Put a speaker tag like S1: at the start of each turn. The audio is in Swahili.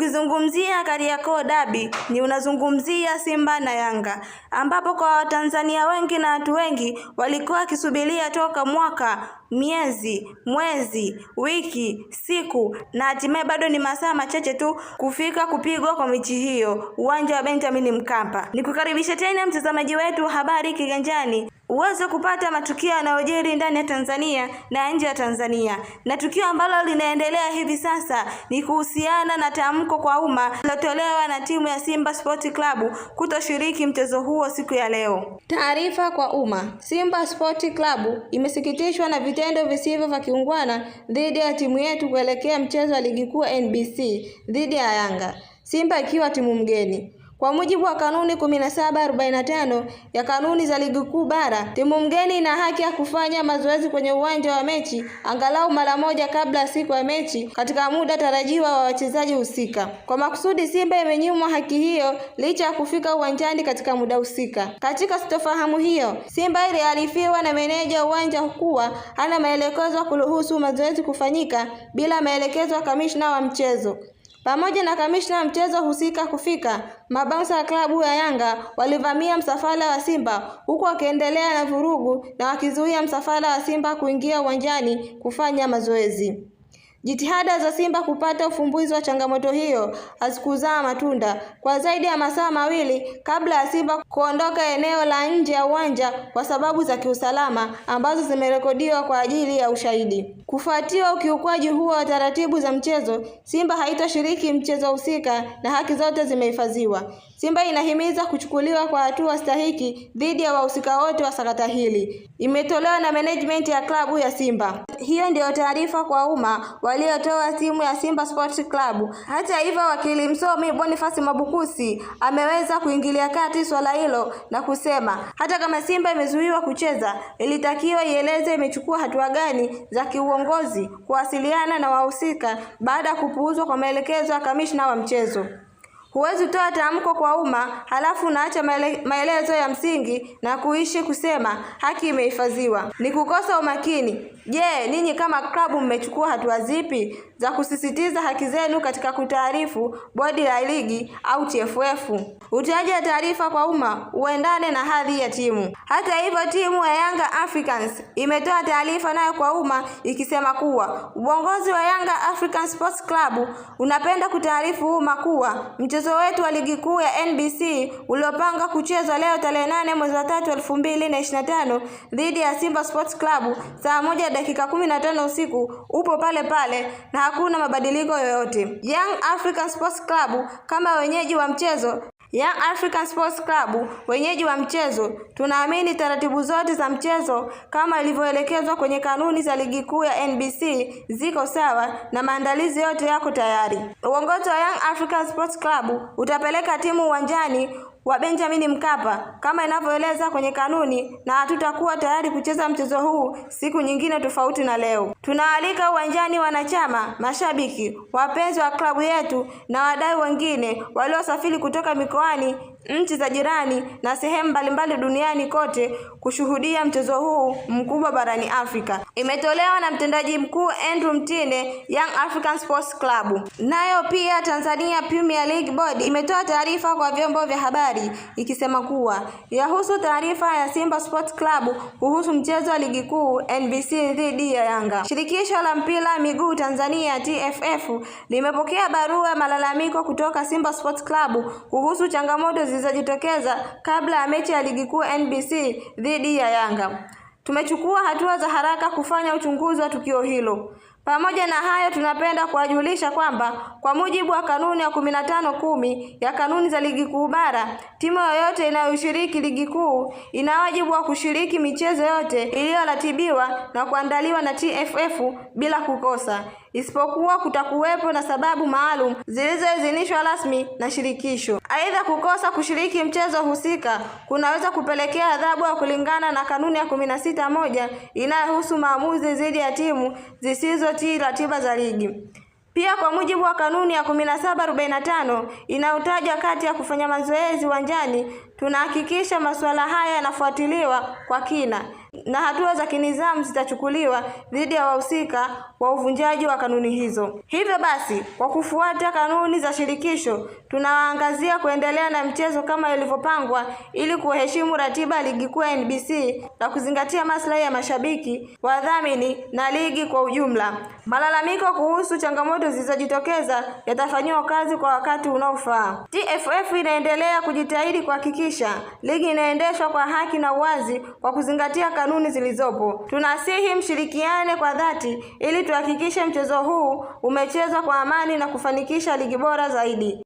S1: Ukizungumzia Kariakoo Dabi ni unazungumzia Simba na Yanga, ambapo kwa Watanzania wengi na watu wengi walikuwa wakisubiria toka mwaka, miezi, mwezi, wiki, siku na hatimaye bado ni masaa machache tu kufika kupigwa kwa mechi hiyo uwanja wa Benjamin Mkapa. Nikukaribisha tena mtazamaji wetu habari kiganjani uweze kupata matukio yanayojiri ndani ya Tanzania na nje ya Tanzania. Na tukio ambalo linaendelea hivi sasa ni kuhusiana na tamko kwa umma lilotolewa na timu ya Simba Sport Club kutoshiriki mchezo huo siku ya leo.
S2: Taarifa kwa umma. Simba Sport Club imesikitishwa na vitendo visivyo vya kiungwana dhidi ya timu yetu kuelekea mchezo wa ligi kuu NBC dhidi ya Yanga, Simba ikiwa timu mgeni. Kwa mujibu wa kanuni 1745 ya kanuni za ligi kuu bara, timu mgeni ina haki ya kufanya mazoezi kwenye uwanja wa mechi angalau mara moja kabla ya siku ya mechi katika muda tarajiwa wa wachezaji husika. Kwa makusudi, Simba imenyimwa haki hiyo licha ya kufika uwanjani katika muda husika. Katika sitofahamu hiyo, Simba iliarifiwa na meneja uwanja kuwa hana maelekezo kuruhusu mazoezi kufanyika bila maelekezo ya kamishna wa mchezo. Pamoja na kamishna mchezo husika kufika, mabounsa ya klabu ya Yanga walivamia msafara wa Simba huku wakiendelea na vurugu na wakizuia msafara wa Simba kuingia uwanjani kufanya mazoezi. Jitihada za Simba kupata ufumbuzi wa changamoto hiyo hazikuzaa matunda. Kwa zaidi ya masaa mawili kabla ya Simba kuondoka eneo la nje ya uwanja kwa sababu za kiusalama ambazo zimerekodiwa kwa ajili ya ushahidi. Kufuatia ukiukwaji huo wa taratibu za mchezo, Simba haitoshiriki mchezo husika na haki zote zimehifadhiwa. Simba inahimiza kuchukuliwa kwa hatua stahiki dhidi ya wahusika wote wa sakata hili. Imetolewa na management ya klabu ya Simba.
S1: Hiyo ndiyo taarifa kwa umma waliotoa timu ya Simba Sports Club. Hata hivyo, wakili msomi Boniface Mwabukusi ameweza kuingilia kati swala hilo na kusema hata kama Simba imezuiwa kucheza, ilitakiwa ieleze imechukua hatua gani za kiuongozi kuwasiliana na wahusika baada ya kupuuzwa kwa maelekezo ya kamishna wa mchezo. Huwezi kutoa tamko kwa umma halafu unaacha maelezo ya msingi na kuishi kusema haki imehifadhiwa. Ni kukosa umakini. Je, ninyi kama klabu mmechukua hatua zipi za kusisitiza haki zenu katika kutaarifu bodi la ligi au TFF? Utoaji wa taarifa kwa umma uendane na hadhi ya timu. Hata hivyo, timu ya Yanga Africans imetoa taarifa nayo kwa umma ikisema kuwa uongozi wa Yanga African Sports Club unapenda kutaarifu umma kuwa mchezo mchezo wetu wa ligi kuu ya NBC uliopanga kuchezwa leo tarehe nane mwezi wa tatu elfu mbili na ishirini na tano dhidi ya Simba Sports Club saa moja dakika kumi na tano usiku upo pale pale na hakuna mabadiliko yoyote. Young African Sports Club kama wenyeji wa mchezo Young African Sports Club wenyeji wa mchezo, tunaamini taratibu zote za mchezo kama ilivyoelekezwa kwenye kanuni za ligi kuu ya NBC ziko sawa na maandalizi yote yako tayari. Uongozi wa Young African Sports Club utapeleka timu uwanjani wa Benjamin Mkapa kama inavyoeleza kwenye kanuni, na hatutakuwa tayari kucheza mchezo huu siku nyingine tofauti na leo. Tunaalika uwanjani wanachama, mashabiki, wapenzi wa klabu yetu na wadau wengine waliosafiri kutoka mikoani nchi za jirani na sehemu mbalimbali duniani kote kushuhudia mchezo huu mkubwa barani Afrika. Imetolewa na mtendaji mkuu Andrew Mtine, Young African Sports Club. Nayo pia Tanzania Premier League Board imetoa taarifa kwa vyombo vya habari ikisema kuwa yahusu taarifa ya Simba Sports Club kuhusu mchezo wa ligi kuu NBC dhidi ya Yanga. Shirikisho la mpira miguu Tanzania TFF limepokea barua malalamiko kutoka Simba Sports Club kuhusu changamoto zilizojitokeza kabla ya mechi ya ligi kuu NBC dhidi ya Yanga. Tumechukua hatua za haraka kufanya uchunguzi wa tukio hilo. Pamoja na hayo, tunapenda kuwajulisha kwamba kwa mujibu wa kanuni ya kumi na tano kumi ya kanuni za ligi kuu bara, timu yoyote inayoshiriki ligi kuu ina wajibu wa kushiriki michezo yote iliyoratibiwa na kuandaliwa na TFF bila kukosa, isipokuwa kutakuwepo na sababu maalum zilizoidhinishwa rasmi na shirikisho. Aidha, kukosa kushiriki mchezo husika kunaweza kupelekea adhabu ya kulingana na kanuni ya kumi na sita moja inayohusu maamuzi dhidi ya timu zisizo zilizoti ratiba za ligi. Pia kwa mujibu wa kanuni ya 1745 inayotajwa kati ya kufanya mazoezi uwanjani Tunahakikisha masuala haya yanafuatiliwa kwa kina na hatua za kinidhamu zitachukuliwa dhidi ya wahusika wa uvunjaji wa kanuni hizo. Hivyo basi, kwa kufuata kanuni za shirikisho, tunawaangazia kuendelea na mchezo kama ilivyopangwa ili kuheshimu ratiba ya Ligi Kuu ya NBC na kuzingatia maslahi ya mashabiki, wadhamini na ligi kwa ujumla. Malalamiko kuhusu changamoto zilizojitokeza yatafanyiwa kazi kwa wakati unaofaa. TFF inaendelea kujitahidi kuhakikisha kuhakikisha ligi inaendeshwa kwa haki na uwazi kwa kuzingatia kanuni zilizopo. Tunasihi mshirikiane kwa dhati ili tuhakikishe mchezo huu umechezwa kwa amani na kufanikisha ligi bora zaidi.